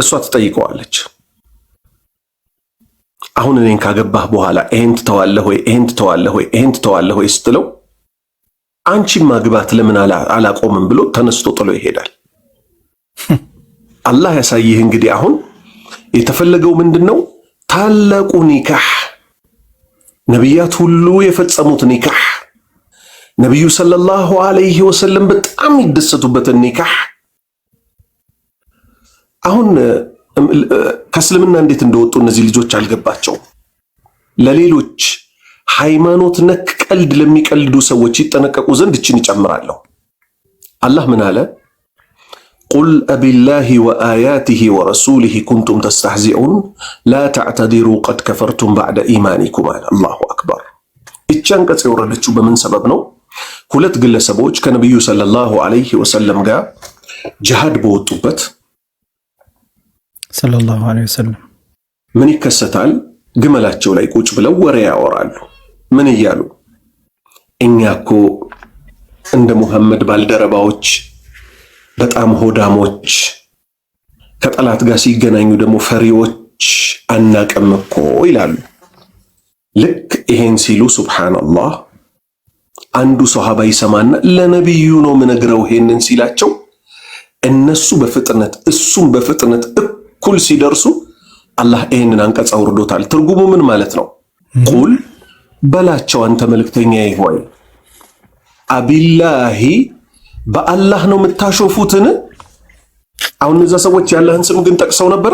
እሷ ትጠይቀዋለች። አሁን እኔን ካገባህ በኋላ ይሄን ትተዋለህ ወይ? ይሄን ትተዋለህ ወይ? ይሄን ትተዋለህ ወይ ስትለው አንቺ ማግባት ለምን አላቆምም ብሎ ተነስቶ ጥሎ ይሄዳል። አላህ ያሳይህ። እንግዲህ አሁን የተፈለገው ምንድን ነው? ታላቁ ኒካህ ነቢያት ሁሉ የፈጸሙት ኒካህ ነቢዩ ሰለላሁ ዐለይሂ ወሰለም በጣም ይደሰቱበትን ኒካህ አሁን ከእስልምና እንዴት እንደወጡ እነዚህ ልጆች አልገባቸውም። ለሌሎች ሃይማኖት ነክ ቀልድ ለሚቀልዱ ሰዎች ይጠነቀቁ ዘንድ እችን ይጨምራለሁ። አላህ ምን አለ? ቁል አቢላሂ ወአያቲሂ ወረሱሊሂ ኩንቱም ተስተህዚኡን ላ ተዕተዲሩ ቀድ ከፈርቱም ባዕደ ኢማኒኩም አለ። አላሁ አክበር። እቺ አንቀጽ የወረደችው በምን ሰበብ ነው? ሁለት ግለሰቦች ከነቢዩ ሰለላሁ ዐለይሂ ወሰለም ጋር ጅሃድ በወጡበት ሰለላሁ ዐለይሂ ወሰለም ምን ይከሰታል? ግመላቸው ላይ ቁጭ ብለው ወሬ ያወራሉ። ምን እያሉ? እኛ እኮ እንደ ሙሐመድ ባልደረባዎች በጣም ሆዳሞች፣ ከጠላት ጋር ሲገናኙ ደግሞ ፈሪዎች አናቅም እኮ ይላሉ። ልክ ይሄን ሲሉ ሱብሓነላህ አንዱ ሰሃባ ይሰማና ለነቢዩ ነው ምነግረው ይሄንን ሲላቸው እነሱ በፍጥነት እሱም በፍጥነት እኩል ሲደርሱ አላህ ይህንን አንቀጽ አውርዶታል። ትርጉሙ ምን ማለት ነው? ቁል በላቸው አንተ መልእክተኛ ሆይ አቢላሂ በአላህ ነው የምታሾፉትን። አሁን እነዛ ሰዎች ያለህን ስም ግን ጠቅሰው ነበረ?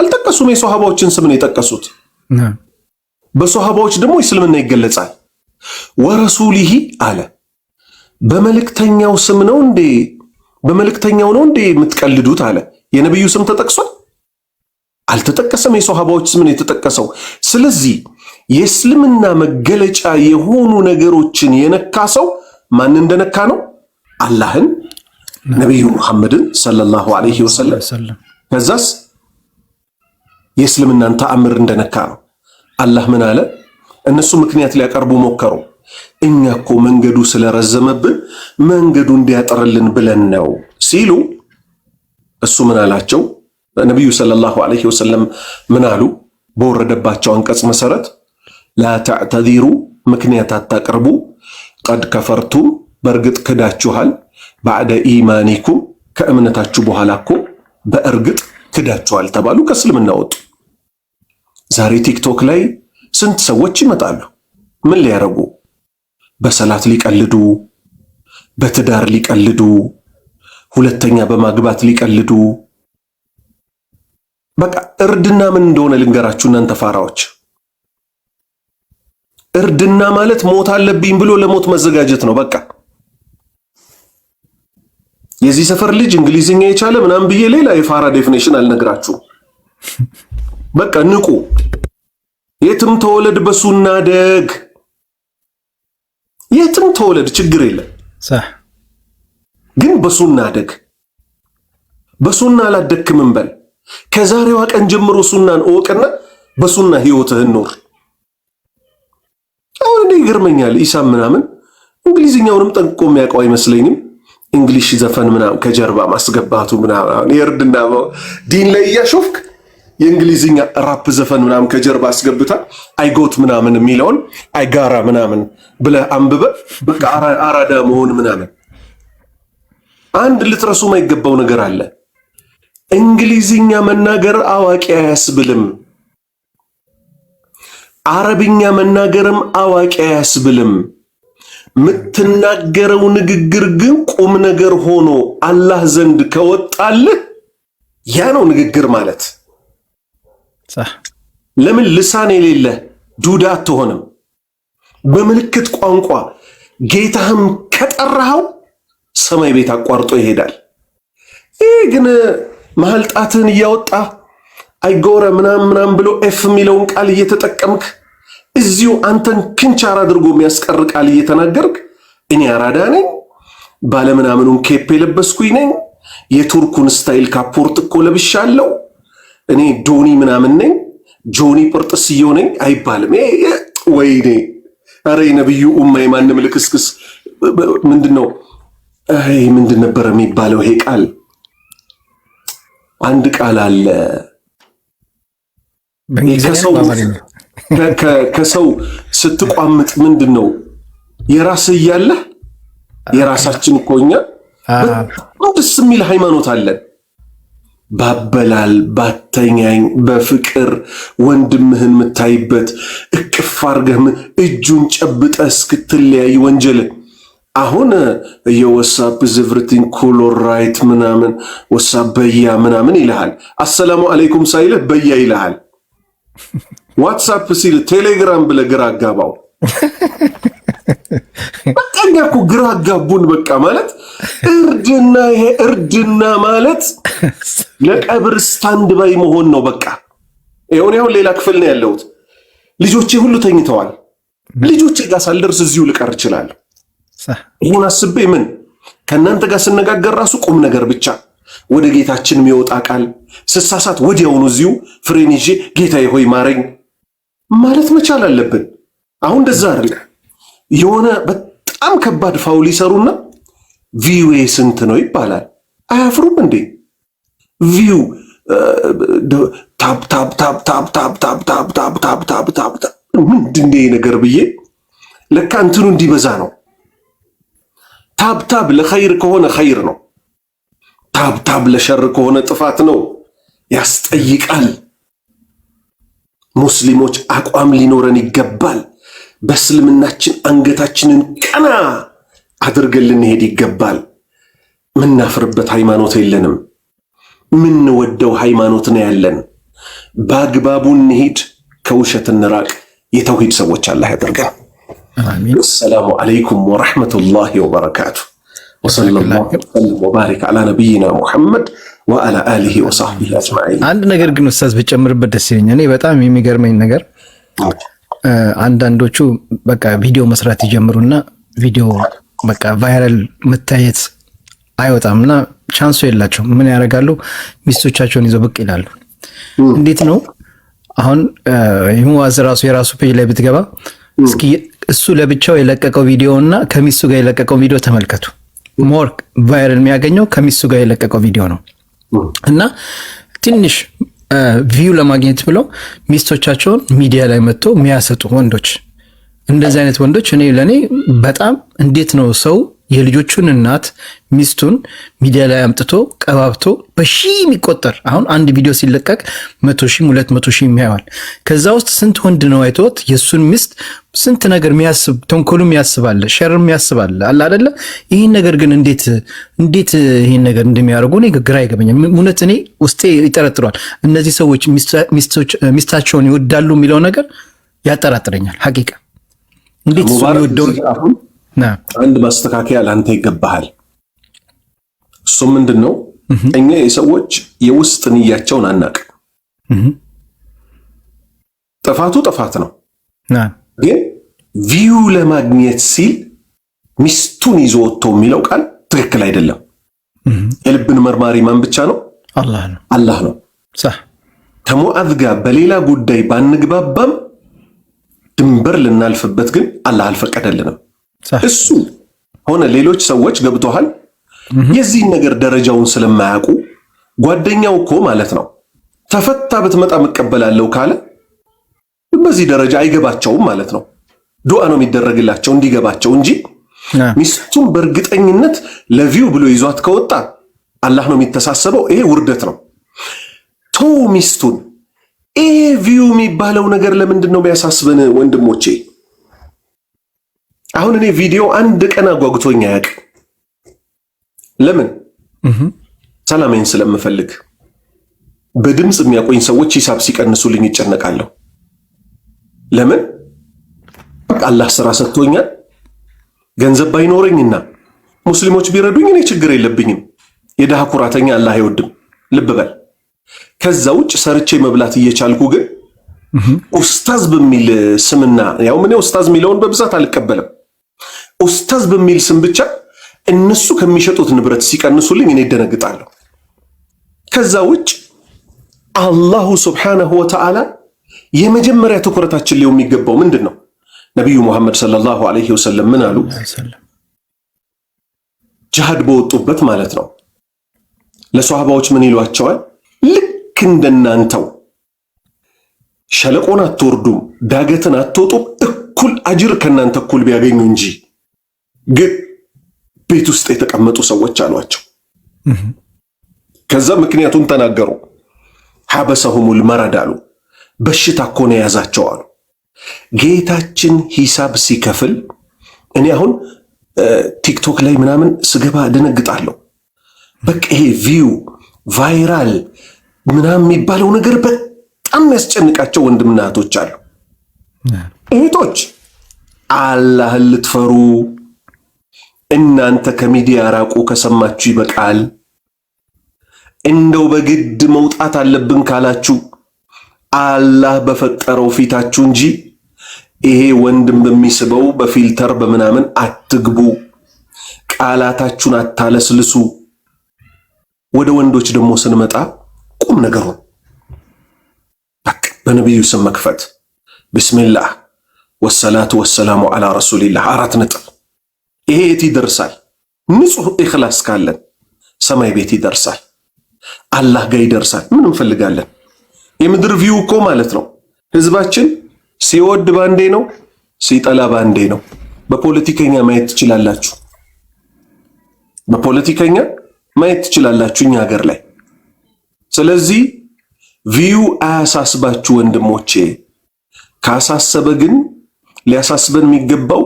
አልጠቀሱም። የሶሃባዎችን ስም ነው የጠቀሱት። በሶሃባዎች ደግሞ እስልምና ይገለጻል። ወረሱሊሂ አለ በመልክተኛው ስም ነው እንዴ? በመልእክተኛው ነው እንዴ የምትቀልዱት አለ የነቢዩ ስም ተጠቅሷል? አልተጠቀሰም። የሶሃባዎች ስም ነው የተጠቀሰው። ስለዚህ የእስልምና መገለጫ የሆኑ ነገሮችን የነካ ሰው ማን እንደነካ ነው? አላህን፣ ነቢዩ ሙሐመድን ሰለላሁ ዐለይሂ ወሰለም ከዛስ የእስልምናን ተአምር እንደነካ ነው። አላህ ምን አለ? እነሱ ምክንያት ሊያቀርቡ ሞከሩ። እኛ እኮ መንገዱ ስለረዘመብን መንገዱ እንዲያጠርልን ብለን ነው ሲሉ እሱ ምን አላቸው? ነቢዩ ሰለላሁ ዐለይሂ ወሰለም ምን አሉ? በወረደባቸው አንቀጽ መሰረት ላተዕተዚሩ ምክንያት አታቅርቡ፣ ቀድ ከፈርቱም በእርግጥ ክዳችኋል፣ ባዕደ ኢማኒኩም ከእምነታችሁ በኋላ እኮ በእርግጥ ክዳችኋል ተባሉ፣ ከእስልምና ወጡ። ዛሬ ቲክቶክ ላይ ስንት ሰዎች ይመጣሉ? ምን ሊያረጉ? በሰላት ሊቀልዱ፣ በትዳር ሊቀልዱ ሁለተኛ በማግባት ሊቀልዱ በቃ እርድና ምን እንደሆነ ልንገራችሁ እናንተ ፋራዎች። እርድና ማለት ሞት አለብኝ ብሎ ለሞት መዘጋጀት ነው። በቃ የዚህ ሰፈር ልጅ እንግሊዝኛ የቻለ ምናምን ብዬ ሌላ የፋራ ዴፊኔሽን አልነግራችሁም። በቃ ንቁ። የትም ተወለድ በሱ እናደግ። የትም ተወለድ ችግር የለም። ግን በሱና አደግ፣ በሱና አላደክምም በል። ከዛሬዋ ቀን ጀምሮ ሱናን እወቅና በሱና ህይወትህን ኖር። አሁን እንደ ይገርመኛል ኢሳም ምናምን እንግሊዝኛውንም ጠንቅቆ የሚያውቀው አይመስለኝም። እንግሊሽ ዘፈን ምናምን ከጀርባ ማስገባቱ ምናምን የእርድና ዲን ላይ እያሾፍክ የእንግሊዝኛ ራፕ ዘፈን ምናምን ከጀርባ አስገብታ አይጎት ምናምን የሚለውን አይጋራ ምናምን ብለህ አንብበ በቃ አራዳ መሆን ምናምን አንድ ልትረሱ የማይገባው ነገር አለ። እንግሊዝኛ መናገር አዋቂ አያስብልም፣ አረብኛ መናገርም አዋቂ አያስብልም። የምትናገረው ንግግር ግን ቁም ነገር ሆኖ አላህ ዘንድ ከወጣልህ ያ ነው ንግግር ማለት። ለምን ልሳን የሌለ ዱዳ አትሆንም? በምልክት ቋንቋ ጌታህም ከጠራኸው ሰማይ ቤት አቋርጦ ይሄዳል። ይህ ግን መሀል ጣትህን እያወጣ አይጎረ ምናም ምናም ብሎ ኤፍ የሚለውን ቃል እየተጠቀምክ እዚሁ አንተን ክንቻር አድርጎ የሚያስቀር ቃል እየተናገርክ እኔ አራዳ ነኝ ባለምናምኑን ኬፕ የለበስኩኝ ነኝ የቱርኩን ስታይል ካፖርት እኮ ለብሻለሁ እኔ ዶኒ ምናምን ነኝ ጆኒ ጵርጥስዮ ነኝ አይባልም። ወይኔ ኧረ ነብዩ ኡማ የማንም ልክስክስ ምንድን ነው? ይህ ምንድን ነበር የሚባለው? ይሄ ቃል አንድ ቃል አለ ከሰው ስትቋምጥ ምንድን ነው የራስህ እያለህ የራሳችን እኮ እኛ በጣም ደስ የሚል ሃይማኖት አለን። ባበላል ባተኛኝ በፍቅር ወንድምህን የምታይበት እቅፍ አርገህ እጁን ጨብጠህ እስክትለያይ ወንጀልህ አሁን የወሳብ ዝብርቲን ኮሎራይት ምናምን ወሳብ በያ ምናምን ይልሃል። አሰላሙ አለይኩም ሳይልህ በያ ይልሃል። ዋትሳፕ ሲል ቴሌግራም ብለህ ግራ አጋባው። በቃ እኛ እኮ ግራ አጋቡን። በቃ ማለት እርድና ይሄ እርድና ማለት ለቀብር ስታንድ ባይ መሆን ነው። በቃ ይሁን ያሁን ሌላ ክፍል ነው ያለሁት። ልጆቼ ሁሉ ተኝተዋል። ልጆቼ ጋር ሳልደርስ እዚሁ ልቀር እችላለሁ። ይህን አስቤ ምን ከእናንተ ጋር ስነጋገር ራሱ ቁም ነገር ብቻ ወደ ጌታችን የሚወጣ ቃል ስሳሳት ወዲያውኑ እዚሁ ፍሬን ይዤ ጌታዬ ሆይ ማረኝ ማለት መቻል አለብን። አሁን እንደዛ አለ የሆነ በጣም ከባድ ፋውል ይሰሩና ቪዌ ስንት ነው ይባላል። አያፍሩም እንዴ? ቪው ምንድን ነገር ብዬ ለካ እንትኑ እንዲበዛ ነው ታብታብ ለኸይር ከሆነ ኸይር ነው። ታብታብ ለሸር ከሆነ ጥፋት ነው። ያስጠይቃል። ሙስሊሞች አቋም ሊኖረን ይገባል። በእስልምናችን አንገታችንን ቀና አድርገን ልንሄድ ይገባል። ምናፍርበት ሃይማኖት የለንም። ምንወደው ሃይማኖት ነው ያለን። በአግባቡ እንሄድ ከውሸት እንራቅ። የተውሂድ ሰዎች አላህ ያደርገን። ወሰላሙ አለይኩም ወረሕመቱላሂ ወበረካቱ። ወሰለላሁ ወሰለም ወባሪክ አላ ነቢይና ሙሐመድ ወአላ አሊሂ ወሳሕቢሂ አጅማዒን። አንድ ነገር ግን ኡስታዝ ብጨምርበት ደስ ይለኛል። እኔ በጣም የሚገርመኝ ነገር አንዳንዶቹ በቃ ቪዲዮ መስራት ይጀምሩና ቪዲዮ በቃ ቫይራል መታየት አይወጣም እና ቻንሱ የላቸው። ምን ያደርጋሉ? ሚስቶቻቸውን ይዘው ብቅ ይላሉ። እንዴት ነው አሁን ሙዋዝ ራሱ የራሱ ፔጅ ላይ ብትገባ እስኪ እሱ ለብቻው የለቀቀው ቪዲዮ እና ከሚሱ ጋር የለቀቀው ቪዲዮ ተመልከቱ። ሞር ቫይረል የሚያገኘው ከሚሱ ጋር የለቀቀው ቪዲዮ ነው እና ትንሽ ቪው ለማግኘት ብለው ሚስቶቻቸውን ሚዲያ ላይ መጥቶ የሚያሰጡ ወንዶች እንደዚህ አይነት ወንዶች እኔ ለእኔ በጣም እንዴት ነው ሰው የልጆቹን እናት ሚስቱን ሚዲያ ላይ አምጥቶ ቀባብቶ በሺ የሚቆጠር አሁን አንድ ቪዲዮ ሲለቀቅ መቶ ሺህ ሁለት መቶ ሺህ የሚያየዋል። ከዛ ውስጥ ስንት ወንድ ነው አይቶት የእሱን ሚስት ስንት ነገር የሚያስብ ተንኮሉም ያስባለ ሸርም ያስባለ አለ አደለ። ይህን ነገር ግን እንዴት እንዴት ይህን ነገር እንደሚያደርጉ እኔ ግራ አይገባኝም። እውነት እኔ ውስጤ ይጠረጥሯል። እነዚህ ሰዎች ሚስታቸውን ይወዳሉ የሚለው ነገር ያጠራጥረኛል። ሀቂቃ እንዴት እሱ የሚወደውን አንድ ማስተካከያ ለአንተ ይገባሃል። እሱ ምንድን ነው? እኛ የሰዎች የውስጥ ንያቸውን አናቅ። ጥፋቱ ጥፋት ነው፣ ግን ቪዩ ለማግኘት ሲል ሚስቱን ይዞ ወጥቶ የሚለው ቃል ትክክል አይደለም። የልብን መርማሪ ማን ብቻ ነው? አላህ ነው። ከሙዓዝ ጋር በሌላ ጉዳይ ባንግባባም ድንበር ልናልፍበት ግን አላህ አልፈቀደልንም። እሱ ሆነ ሌሎች ሰዎች ገብተዋል። የዚህን ነገር ደረጃውን ስለማያውቁ ጓደኛው እኮ ማለት ነው ተፈታ ብትመጣ መቀበላለው ካለ በዚህ ደረጃ አይገባቸውም ማለት ነው። ዱዓ ነው የሚደረግላቸው እንዲገባቸው እንጂ ሚስቱም በእርግጠኝነት ለቪው ብሎ ይዟት ከወጣ አላህ ነው የሚተሳሰበው። ይሄ ውርደት ነው። ተው ሚስቱን። ይሄ ቪው የሚባለው ነገር ለምንድን ነው የሚያሳስበን ወንድሞቼ? አሁን እኔ ቪዲዮ አንድ ቀን አጓጉቶኝ አያውቅም። ለምን? ሰላሜን ስለምፈልግ። በድምፅ የሚያቆኝ ሰዎች ሂሳብ ሲቀንሱልኝ ይጨነቃለሁ። ለምን? አላህ ስራ ሰጥቶኛል። ገንዘብ ባይኖረኝና ሙስሊሞች ቢረዱኝ እኔ ችግር የለብኝም። የድሃ ኩራተኛ አላህ አይወድም። ልብ በል። ከዛ ውጭ ሰርቼ መብላት እየቻልኩ ግን ኡስታዝ በሚል ስምና ያው ምን ኡስታዝ የሚለውን በብዛት አልቀበልም። ኡስታዝ በሚል ስም ብቻ እነሱ ከሚሸጡት ንብረት ሲቀንሱልኝ እኔ ይደነግጣለሁ። ከዛ ውጭ አላሁ ስብሓነሁ ወተዓላ የመጀመሪያ ትኩረታችን ሊሆን የሚገባው ምንድን ነው? ነቢዩ ሙሐመድ ሰለላሁ ዐለይሂ ወሰለም ምን አሉ? ጅሃድ በወጡበት ማለት ነው። ለሰሃባዎች ምን ይሏቸዋል? ልክ እንደናንተው ሸለቆን አትወርዱም፣ ዳገትን አትወጡም፣ እኩል አጅር ከእናንተ እኩል ቢያገኙ እንጂ ግን ቤት ውስጥ የተቀመጡ ሰዎች አሏቸው። ከዛ ምክንያቱን ተናገሩ። ሀበሰሁሙል መረድ አሉ። በሽታ እኮ ነው የያዛቸው አሉ። ጌታችን ሂሳብ ሲከፍል እኔ አሁን ቲክቶክ ላይ ምናምን ስገባ ደነግጣለሁ። በቃ ይሄ ቪው ቫይራል ምናምን የሚባለው ነገር በጣም ያስጨንቃቸው ወንድምና እህቶች አሉ። እህቶች አላህን ልትፈሩ እናንተ ከሚዲያ ራቁ፣ ከሰማችሁ ይበቃል። እንደው በግድ መውጣት አለብን ካላችሁ አላህ በፈጠረው ፊታችሁ እንጂ ይሄ ወንድም በሚስበው በፊልተር በምናምን አትግቡ። ቃላታችሁን አታለስልሱ። ወደ ወንዶች ደግሞ ስንመጣ ቁም ነገሩ በቃ በነቢዩ ስም መክፈት ቢስሚላህ ወሰላቱ ወሰላሙ አላ ረሱሊላህ አራት ነጥብ ይሄ የት ይደርሳል? ንጹህ ኢኽላስ ካለን ሰማይ ቤት ይደርሳል፣ አላህ ጋር ይደርሳል። ምን እንፈልጋለን? የምድር ቪው እኮ ማለት ነው። ህዝባችን ሲወድ ባንዴ ነው፣ ሲጠላ ባንዴ ነው። በፖለቲከኛ ማየት ትችላላችሁ፣ በፖለቲከኛ ማየት ትችላላችሁ እኛ ሀገር ላይ። ስለዚህ ቪው አያሳስባችሁ ወንድሞቼ። ካሳሰበ ግን ሊያሳስበን የሚገባው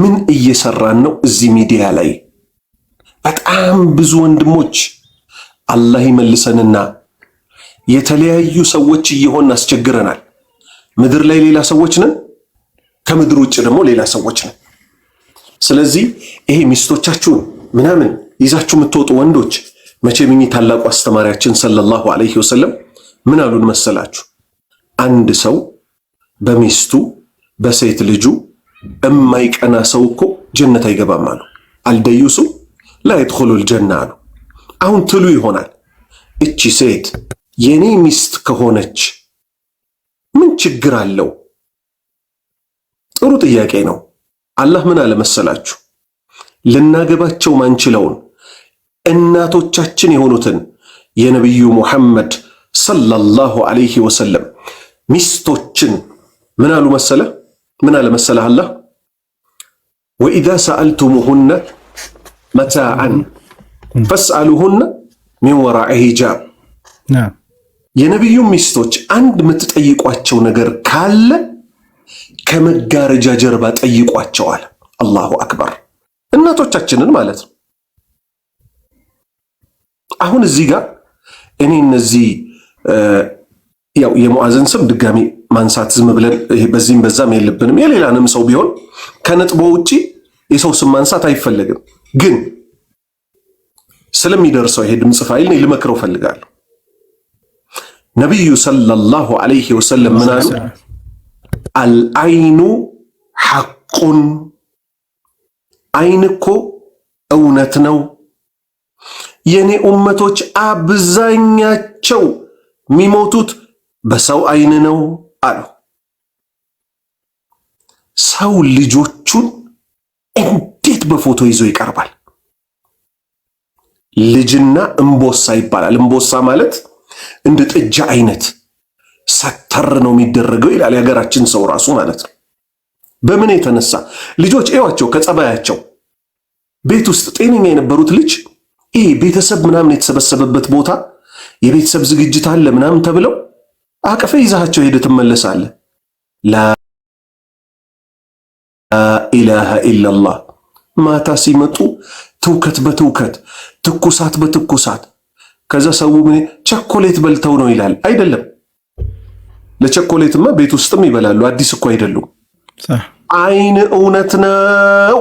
ምን እየሰራን ነው? እዚህ ሚዲያ ላይ በጣም ብዙ ወንድሞች አላህ ይመልሰንና የተለያዩ ሰዎች እየሆን አስቸግረናል። ምድር ላይ ሌላ ሰዎች ነን፣ ከምድር ውጭ ደግሞ ሌላ ሰዎች ነን። ስለዚህ ይሄ ሚስቶቻችሁን ምናምን ይዛችሁ የምትወጡ ወንዶች መቼም እኚህ ታላቁ አስተማሪያችን ሰለላሁ ዐለይሂ ወሰለም ምን አሉን መሰላችሁ? አንድ ሰው በሚስቱ በሴት ልጁ እማይቀና ሰው እኮ ጀነት አይገባም አሉ። አልደዩሱ ላይድኹሉል ጀና አሉ። አሁን ትሉ ይሆናል እቺ ሴት የኔ ሚስት ከሆነች ምን ችግር አለው? ጥሩ ጥያቄ ነው። አላህ ምን አለ መሰላችሁ? ልናገባቸው ማንችለውን እናቶቻችን የሆኑትን የነቢዩ ሙሐመድ ሰለላሁ ዐለይሂ ወሰለም ሚስቶችን ምን አሉ መሰለ ምን አለ መሰለህ አላህ ወኢዛ ሰአልቱሙሁነ መታአን ፈስአሉሁነ ሚን ወራኢ ሂጃብ። የነቢዩ ሚስቶች አንድ የምትጠይቋቸው ነገር ካለ ከመጋረጃ ጀርባ ጠይቋቸዋል። አላሁ አክበር። እናቶቻችንን ማለት ነው። አሁን እዚህ ጋር እኔ እነዚህ ያው የሙዓዝን ስም ድጋሜ ። ማንሳት ዝም ብለን በዚህም በዛም የለብንም። የሌላንም ሰው ቢሆን ከነጥቦ ውጪ የሰው ስም ማንሳት አይፈለግም። ግን ስለሚደርሰው ይሄ ድምፅ ፋይል ነው ልመክረው ፈልጋለሁ። ነቢዩ ሰለላሁ ዐለይሂ ወሰለም ምን አሉ? አልአይኑ ሐቁን፣ አይን እኮ እውነት ነው። የእኔ ኡመቶች አብዛኛቸው የሚሞቱት በሰው አይን ነው። አለው። ሰው ልጆቹን እንዴት በፎቶ ይዞ ይቀርባል? ልጅና እምቦሳ ይባላል። እምቦሳ ማለት እንደ ጥጃ አይነት ሰተር ነው የሚደረገው ይላል የሀገራችን ሰው ራሱ ማለት ነው። በምን የተነሳ ልጆች እዋቸው ከጸባያቸው ቤት ውስጥ ጤነኛ የነበሩት ልጅ ይህ ቤተሰብ ምናምን የተሰበሰበበት ቦታ የቤተሰብ ዝግጅት አለ ምናምን ተብለው አቅፈ ይዛቸው ሄደ ትመለሳለ። ላኢላሃ ኢላሃ ኢላላህ። ማታ ሲመጡ ትውከት በትውከት ትኩሳት በትኩሳት ከዛ ሰው ምን ቸኮሌት በልተው ነው ይላል። አይደለም ለቸኮሌትማ ቤት ውስጥም ይበላሉ። አዲስ እኮ አይደሉም። አይን እውነት ነው።